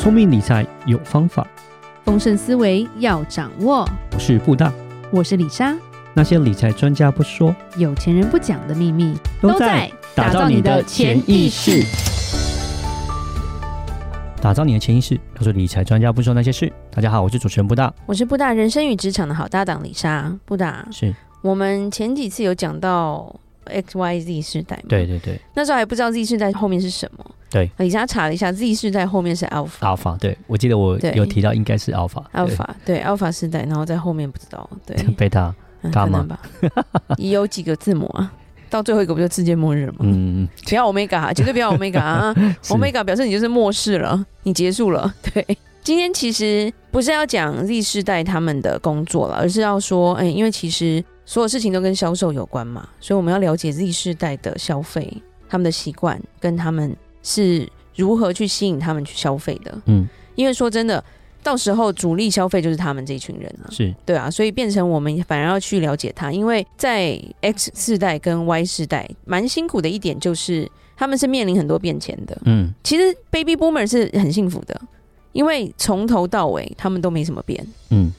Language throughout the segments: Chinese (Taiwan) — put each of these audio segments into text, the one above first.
聰明理財有方法，豐盛思維要掌握。我是布大，我是里莎。那些理財專家不說，有錢人不講的秘密，都在打造你的潛意識。打造你的潛意識，都是理財專家不說那些事。大家好，我是主持人布大，我是布大人生與職場的好搭檔里莎。布大是我們前幾次有講到 XYZ 世代，對對對，那時候還不知道 Z 世代後面是什麼。對，我剛剛查了一下，Z 世代後面是 alpha alpha 對，我記得我有提到應該是 alpha, 對 alpha alpha 對，alpha 世代，然後在後面不知道。對，貝塔，幹嘛？吧 也有幾個字母啊，到最後一個不就世界末日了嗎？嗯嗯，不要歐米伽，絕對不要歐米伽啊！歐米伽表示你就是末世了，你結束了。對，今天其實不是要講 Z 世代他們的工作了，而是要說，哎、欸，因為其實所有事情都跟銷售有關嘛，所以我們要了解 Z 世代的消費，他們的習慣跟他們。是如何去吸引他們去消費的？嗯，因為說真的，到時候主力消費就是他們這一群人了，是對啊，所以變成我們反而要去了解他。因為在 X 世代跟 Y 世代蠻辛苦的一點，就是他們是面臨很多變遷的。嗯，其實 Baby Boomer 是很幸福的，因為從頭到尾他們都沒什麼變。嗯，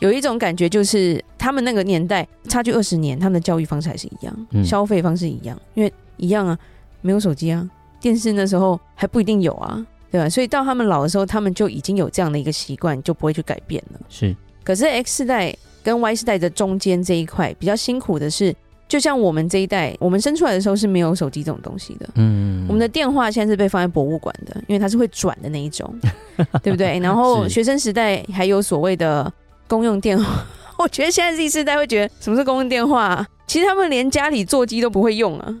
有一種感覺就是他們那個年代差距二十年，他們的教育方式還是一樣，嗯，消費方式一樣，因為一樣啊，沒有手機啊。電視那時候還不一定有啊，對吧？所以到他們老的時候，他們就已經有這樣的一個習慣，就不會去改變了。是。可是 X 世代跟 Y 世代的中間這一塊比較辛苦的是，就像我們這一代，我們生出來的時候是沒有手機這種東西的。嗯。我們的電話現在是被放在博物館的，因為它是會轉的那一種， 對不對？然後學生時代還有所謂的公用電話。 我覺得現在 Z 世代會覺得什麼是公用電話？其實他們連家裡座機都不會用啊。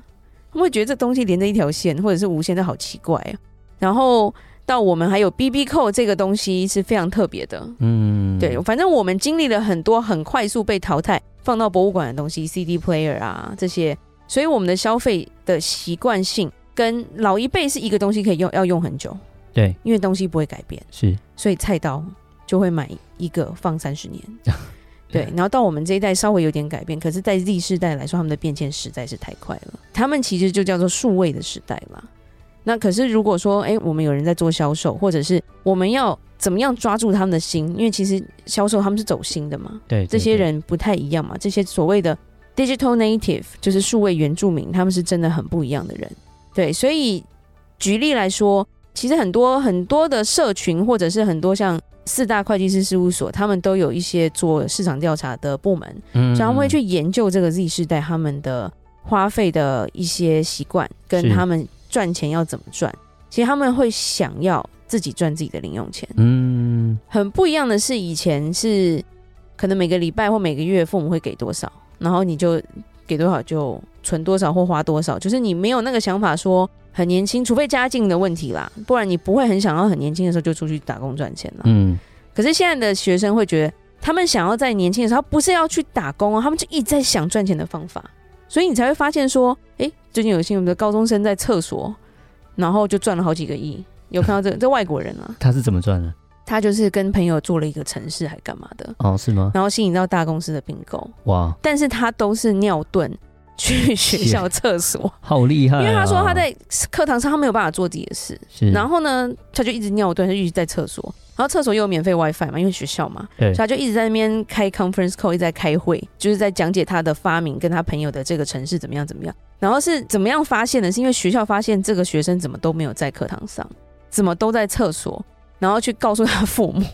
會覺得這東西連着一條線或者是無線都好奇怪啊，然後到我們還有 BB 扣這個東西是非常特別的，嗯，對，反正我們經歷了很多很快速被淘汰放到博物館的東西，CD player 啊這些，所以我們的消費的習慣性跟老一輩是一個東西可以用要用很久，對，因為東西不會改變，是，所以菜刀就會買一個放三十年。 對，然後到我們這一代稍微有點改變，可是，在 Z 世代來說，他們的變遷實在是太快了。他們其實就叫做數位的時代嘛。那可是如果說，哎、欸，我們有人在做銷售，或者是我們要怎麼樣抓住他們的心？因為其實銷售他們是走心的嘛。對，對，對，這些人不太一樣嘛。這些所謂的 digital native，就是數位原住民，他們是真的很不一樣的人。對，所以舉例來說，其實很多很多的社群，或者是很多像。四大會計師事務所，他們都有一些做市場調查的部門，嗯，所以他們會去研究這個 Z 世代他們的花費的一些習慣，跟他們賺錢要怎麼賺。是其實他們會想要自己賺自己的零用錢，嗯，很不一樣的是，以前是可能每個禮拜或每個月父母會給多少，然後你就給多少就存多少或花多少，就是你沒有那個想法說。很年輕，除非家境的問題啦，不然你不會很想要很年輕的時候就出去打工賺錢了。嗯，可是現在的學生會覺得，他們想要在年輕的時候不是要去打工哦、啊，他們就一直在想賺錢的方法，所以你才會發現說，哎、欸，最近有新聞說高中生在廁所，然後就賺了好幾個億，有看到這個、呵呵這外國人啊？他是怎麼賺的？他就是跟朋友做了一個城市，還幹嘛的？哦，是嗎？然後吸引到大公司的併購。哇！但是他都是尿遁。去學校廁所，好厲害、啊！因為他說他在課堂上他沒有辦法做自己的事，是然後呢，他就一直尿遁，就一直在廁所。然後廁所又有免費 WiFi 嘛，因為學校嘛，欸、所以他就一直在那邊開 conference call，一直在開會，就是在講解他的發明跟他朋友的這個城市怎麼樣怎麼樣。然後是怎麼樣發現的？是因為學校發現這個學生怎麼都沒有在課堂上，怎麼都在廁所，然後去告訴他父母。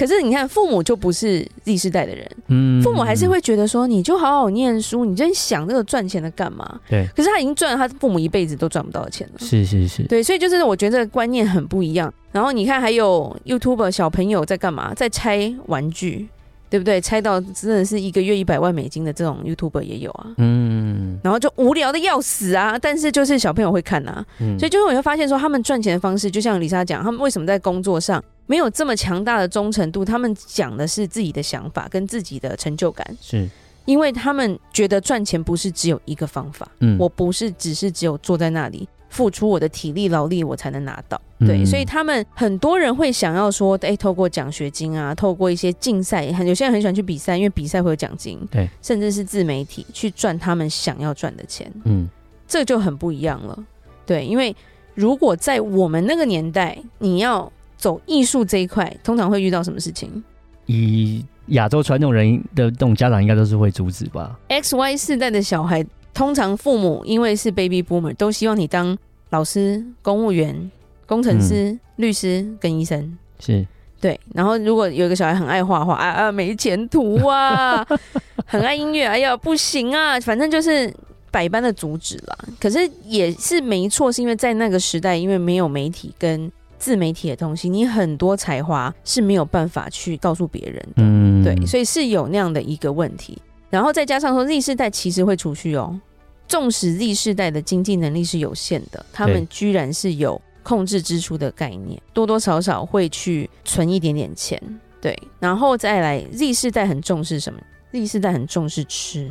可是你看，父母就不是 Z 世代的人，嗯，父母還是會覺得說，你就好好念書，你真想那個賺錢的幹嘛？對。可是他已經賺了他父母一輩子都賺不到的錢了。是是是。對，所以就是我覺得這個觀念很不一樣。然後你看，還有 YouTuber 小朋友在幹嘛？在拆玩具，對不對？拆到真的是一個月一百萬美金的這種 YouTuber 也有啊。嗯。然後就無聊的要死啊！但是就是小朋友會看啊，嗯、所以就是我會發現說，他們賺錢的方式，就像里莎講，他們為什麼在工作上沒有這麼強大的忠誠度？他們講的是自己的想法跟自己的成就感，是因為他們覺得賺錢不是只有一個方法。嗯，我不是只是只有坐在那裡。付出我的體力勞力，我才能拿到。對，嗯、所以他們很多人會想要說，哎、欸，透過獎學金啊，透過一些競賽，很有些人很喜歡去比賽，因為比賽會有獎金。對，甚至是自媒體去賺他們想要賺的錢。嗯，這就很不一樣了。對，因為如果在我們那個年代，你要走藝術這一塊，通常會遇到什麼事情？以亞洲傳統人的這種家長，應該都是會阻止吧？X Y 世代的小孩。通常父母因為是 baby boomer，都希望你當老師、公務員、工程師、嗯、律師跟醫生。是，對。然後如果有一個小孩很愛畫畫，啊，啊沒前途啊！ 很愛音樂，哎呀，不行啊！反正就是百般的阻止啦。可是也是沒錯，是因為在那個時代，因為沒有媒體跟自媒體的東西，你很多才華是沒有辦法去告訴別人的。嗯、對，所以是有那樣的一個問題。然後再加上說，Z 世代其實會儲蓄哦。縱使 Z 世代的經濟能力是有限的，他們居然是有控制支出的概念，對多多少少會去存一點點錢。對，然後再來 Z 世代很重視什麼？Z 世代很重視吃，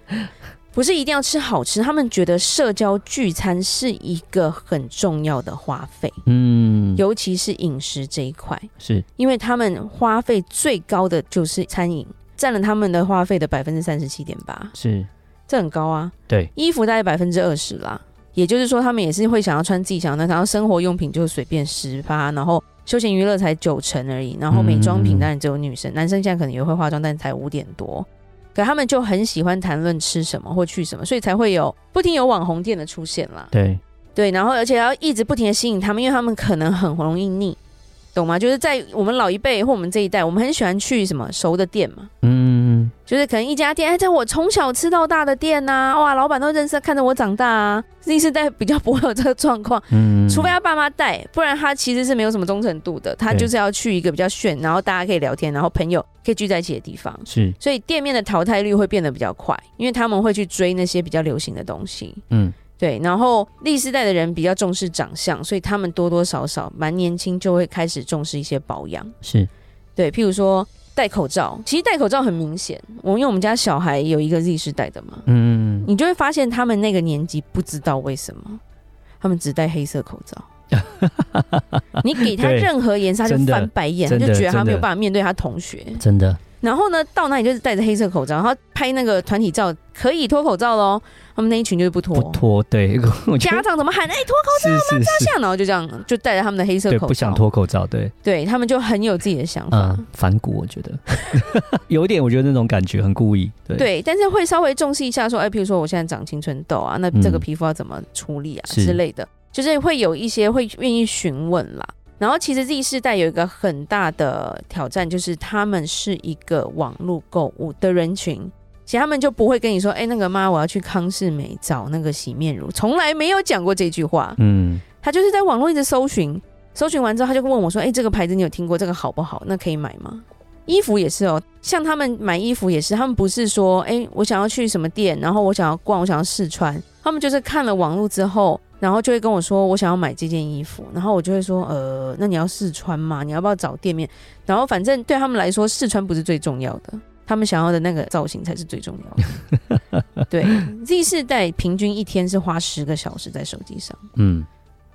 不是一定要吃好吃，他們覺得社交聚餐是一個很重要的花費。嗯，尤其是飲食這一塊，是因為他們花費最高的就是餐飲，占了他們的花費的百分之三十七點八。是。這很高啊，對，衣服大概百分之二十啦，也就是說他們也是會想要穿自己想要的，然後生活用品就隨便十八，然後休閒娛樂才九成而已，然後美妝品當然只有女生，嗯嗯，男生現在可能也會化妝，但才五點多，可他們就很喜歡談論吃什麼或去什麼，所以才會有不停有網紅店的出現啦。對對，然後而且要一直不停的吸引他們，因為他們可能很容易膩，懂嗎？就是在我們老一輩或我們這一代，我們很喜歡去什麼熟的店嘛，嗯。就是可能一家店，哎，在我從小吃到大的店吶、啊，哇，老闆都認識，看着我長大啊。Z 世代比較不會有這個狀況，嗯，除非他爸媽帶，不然他其實是沒有什麼忠誠度的。他就是要去一個比較炫，對然後大家可以聊天，然後朋友可以聚在一起的地方。是，所以店面的淘汰率會變得比較快，因為他們會去追那些比較流行的東西。嗯，對。然後 Z 世代的人比較重視長相，所以他們多多少少蠻年輕就會開始重視一些保養。是，對，譬如說。戴口罩，其實戴口罩很明顯。我因為我們家小孩有一個 Z 世代的嘛，嗯，你就會發現他們那個年紀不知道為什麼，他們只戴黑色口罩。 你給他任何顏色，對他就翻白眼，的他就覺得他沒有辦法面對他同學，真的。真的然後呢，到那裡就是戴着黑色口罩，然後拍那個團體照可以脫口罩嘍。他們那一群就是不脫，不脫。對，家長怎麼喊，哎，脫口罩嗎？照相，然後就這樣，就戴着他們的黑色口罩，對，不想脫口罩。對，對他們就很有自己的想法，嗯、反骨，我覺得 有點，我覺得那種感覺很故意。對，對，但是會稍微重視一下，說，哎，譬如說我現在長青春痘啊，那這個皮膚要怎麼處理啊之類的，嗯、是就是會有一些會願意詢問啦。然後其實 Z 世代有一個很大的挑戰，就是他們是一個網絡購物的人群，其實他們就不會跟你說，哎、欸，那個媽，我要去康是美找那個洗面乳，從來沒有講過這句話。嗯，他就是在網絡一直搜尋，搜尋完之後，他就問我說，哎、欸，這個牌子你有聽過？這個好不好？那可以買嗎？衣服也是哦，像他們買衣服也是，他們不是說，哎、欸，我想要去什麼店，然後我想要逛，我想要試穿，他們就是看了網絡之後。然後就會跟我說，我想要買這件衣服，然後我就會說，呃，那你要試穿嘛？你要不要找店面？然後反正對他們來說，試穿不是最重要的，他們想要的那個造型才是最重要的。 對，Z 世代平均一天是花十個小時在手機上，嗯，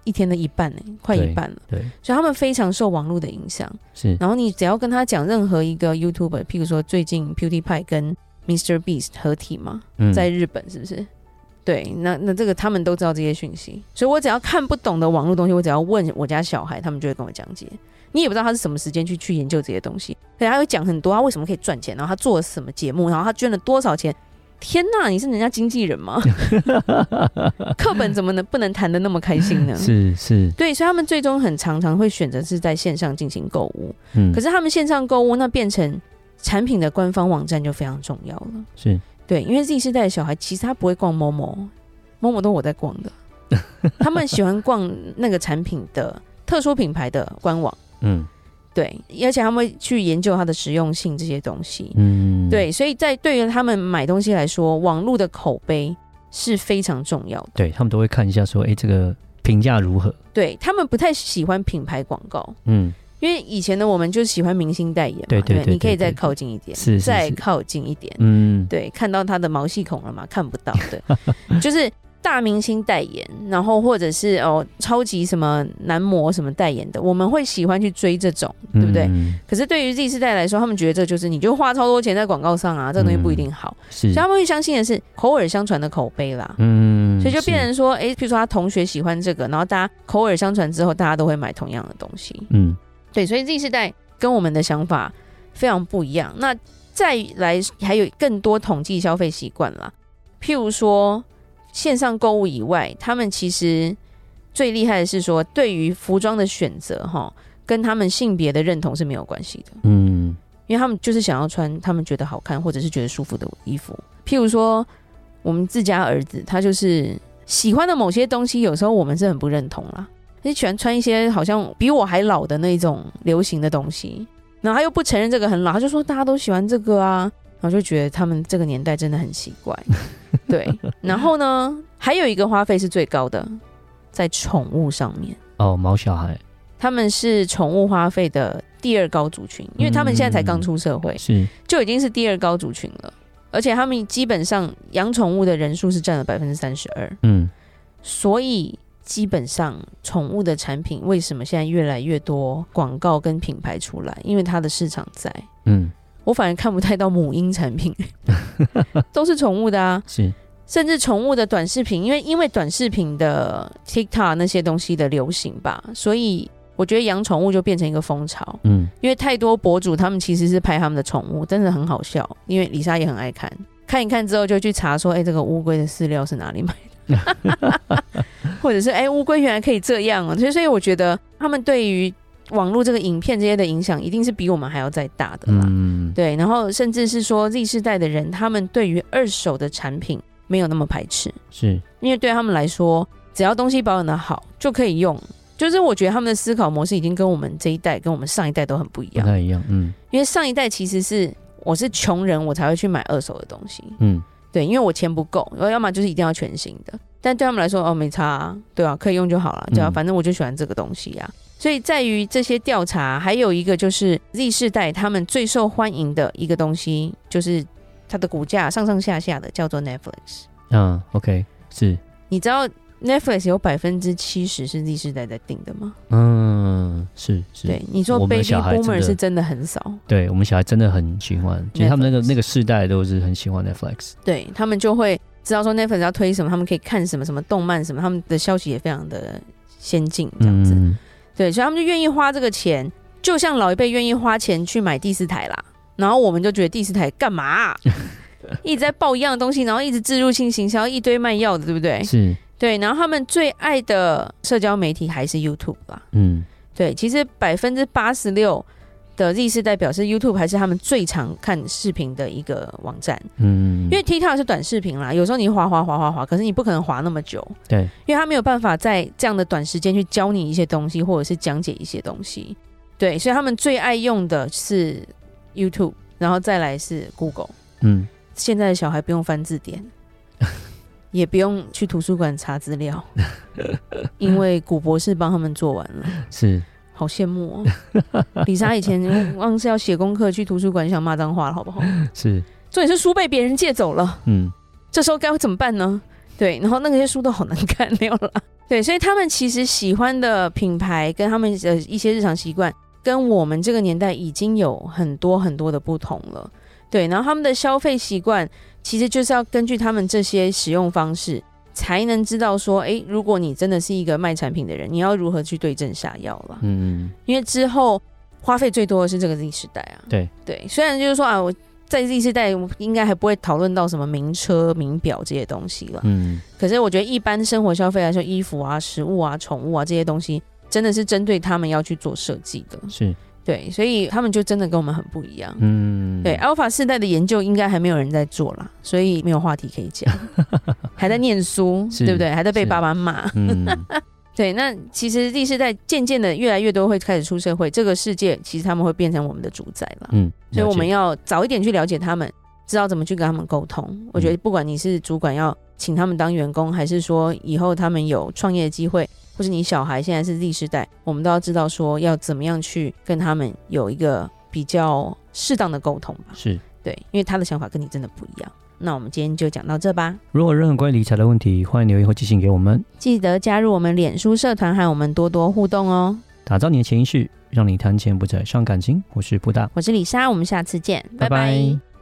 一天的一半呢，快一半了。對，對所以他們非常受網絡的影響。是，然後你只要跟他講任何一個 YouTuber，譬如說最近 PewDiePie 跟 MrBeast 合體嘛，嗯、在日本是不是？對，那那這個他們都知道這些訊息，所以我只要看不懂的網絡東西，我只要問我家小孩，他們就會跟我講解。你也不知道他是什麼時間去去研究這些東西，可他會講很多，他為什麼可以賺錢，然後他做了什麼節目，然後他捐了多少錢。天哪，你是人家經紀人嗎？ 課本怎麼能不能談得那麼開心呢？是 是，是對，所以他們最終很常常會選擇是在線上進行購物。嗯，可是他們線上購物，那變成產品的官方網站就非常重要了。是。對，因為 Z 世代的小孩其實他不會逛 Momo，Momo 都我在逛的， 他們喜歡逛那個產品的特殊品牌的官網，嗯，對，而且他們會去研究它的實用性這些東西，嗯，對，所以在對於他們買東西來說，網絡的口碑是非常重要的，對，他們都會看一下說，哎、欸，這個評價如何？對，他們不太喜歡品牌廣告，嗯。因為以前的我們就喜歡明星代言嘛，對對對，你可以再靠近一點，是是再靠近一點，嗯，對，看到他的毛細孔了嘛，看不到的，就是大明星代言，然後或者是哦，超級什麼男模什麼代言的，我們會喜歡去追這種，對不對？可是對於 Z 世代來說，他們覺得這就是你就花超多錢在廣告上啊，這個東西不一定好，是，所以他們會相信的是口耳相傳的口碑啦，嗯，所以就變成說，哎，譬如說他同學喜歡這個，然後大家口耳相傳之後，大家都會買同樣的東西，嗯。對，所以這一世代跟我們的想法非常不一樣。那再來還有更多統計消費習慣啦，譬如說線上購物以外，他們其實最厲害的是說，對於服裝的選擇，哈，跟他們性別的認同是沒有關係的。嗯，因為他們就是想要穿他們覺得好看或者是覺得舒服的衣服。譬如說，我們自家兒子，他就是喜歡的某些東西，有時候我們是很不認同啦。你喜歡穿一些好像比我還老的那種流行的東西，然後他又不承認這個很老，他就說大家都喜歡這個啊，然後就覺得他們這個年代真的很奇怪， 對。然後呢，還有一個花費是最高的，在寵物上面哦，毛小孩，他們是寵物花費的第二高族群，因為他們現在才剛出社會，嗯、是就已經是第二高族群了，而且他們基本上養寵物的人數是占了百分之三十二，嗯，所以。基本上，寵物的產品為什麼現在越來越多廣告跟品牌出來？因為它的市場在。嗯，我反而看不太到母嬰產品， 都是寵物的啊。是，甚至寵物的短視頻，因為因為短視頻的 TikTok 那些東西的流行吧，所以我覺得養寵物就變成一個風潮。嗯，因為太多博主他們其實是拍他們的寵物，真的很好笑。因為里莎也很愛看，看一看之後就去查說，哎，這個烏龜的飼料是哪裡買的？哈哈哈哈哈。或者是哎，烏龜原來可以這樣啊。所以所以我覺得他們對於網絡這個影片這些的影響，一定是比我們還要再大的啦。嗯、對，然後甚至是說 Z 世代的人，他們對於二手的產品沒有那麼排斥，是因為對他們來說，只要東西保養得好就可以用。就是我覺得他們的思考模式已經跟我們這一代、跟我們上一代都很不一樣，不太一樣。嗯，因為上一代其實是我是窮人，我才會去買二手的東西。嗯。對，因為我錢不夠，然後要麼就是一定要全新的。但對他們來說，哦，沒差、啊，對啊，可以用就好了，對啊、嗯，只要，反正我就喜歡這個東西啊。所以在於這些調查，還有一個就是 Z 世代他們最受歡迎的一個東西，就是它的股價上上下下的叫做 Netflix。嗯，OK，是你知道。Netflix 有百分之七十是第四代在訂的嗎？嗯，是是。對你說，Baby Boomer 的是真的很少。對，我們小孩真的很喜歡，其實 Netflix, 他們那個那個世代都是很喜歡 Netflix。對他們就會知道說 Netflix 要推什麼，他們可以看什麼什麼動漫什麼，他們的消息也非常的先進，這樣子。嗯、對，所以他們就願意花這個錢，就像老一輩願意花錢去買第四台啦。然後我們就覺得第四台幹嘛、啊？ 一直在報一樣的東西，然後一直置入性行銷，想要一堆賣藥的，對不對？是。對，然後他們最愛的社交媒體還是 YouTube 吧。嗯，對，其實百分之八十六的 Z 世代表示 YouTube，還是他們最常看視頻的一個網站。嗯，因為 TikTok 是短視頻啦，有時候你滑滑滑滑滑，可是你不可能滑那麼久。對，因為他沒有辦法在這樣的短時間去教你一些東西，或者是講解一些東西。對，所以他們最愛用的是 YouTube，然後再來是 Google。嗯，現在的小孩不用翻字典。 也不用去圖書館查資料， 因為古博士幫他們做完了。是，好羨慕哦、喔，里莎以前忘是要寫功課去圖書館想罵髒話了，好不好？是，重點是書被別人借走了。嗯，這時候該怎麼辦呢？對，然後那些書都好難看了。對，所以他們其實喜歡的品牌跟他們的一些日常習慣，跟我們這個年代已經有很多很多的不同了。對，然後他們的消費習慣其實就是要根據他們這些使用方式，才能知道說，哎，如果你真的是一個賣產品的人，你要如何去對症下藥了。嗯嗯。因為之後花費最多的是這個 Z 世代啊。對對，雖然就是說啊，我在 Z 世代，應該還不會討論到什麼名車、名錶這些東西了。嗯。可是我覺得一般生活消費來說，衣服啊、食物啊、寵物啊這些東西，真的是針對他們要去做設計的。是。對，所以他們就真的跟我們很不一樣。嗯，對，Alpha 世代的研究應該還沒有人在做啦，所以沒有話題可以講， 還在念書，是對不對？還在被爸爸罵。嗯、 對，那其實 Z 世代漸漸的越來越多會開始出社會，這個世界其實他們會變成我們的主宰了。嗯，所以我們要早一點去了解他們，知道怎麼去跟他們溝通。我覺得不管你是主管要請他們當員工，還是說以後他們有創業機會。或是你小孩現在是 Z 世代，我們都要知道說要怎麼樣去跟他們有一個比較適當的溝通吧。是，對，因為他的想法跟你真的不一樣。那我們今天就講到這吧。如果有任何關於理財的問題，歡迎留言或寄信給我們。記得加入我們臉書社團，和我們多多互動哦。打造你的潛意識，讓你談錢不再傷感情。我是布大，我是里莎，我們下次見，拜拜。拜拜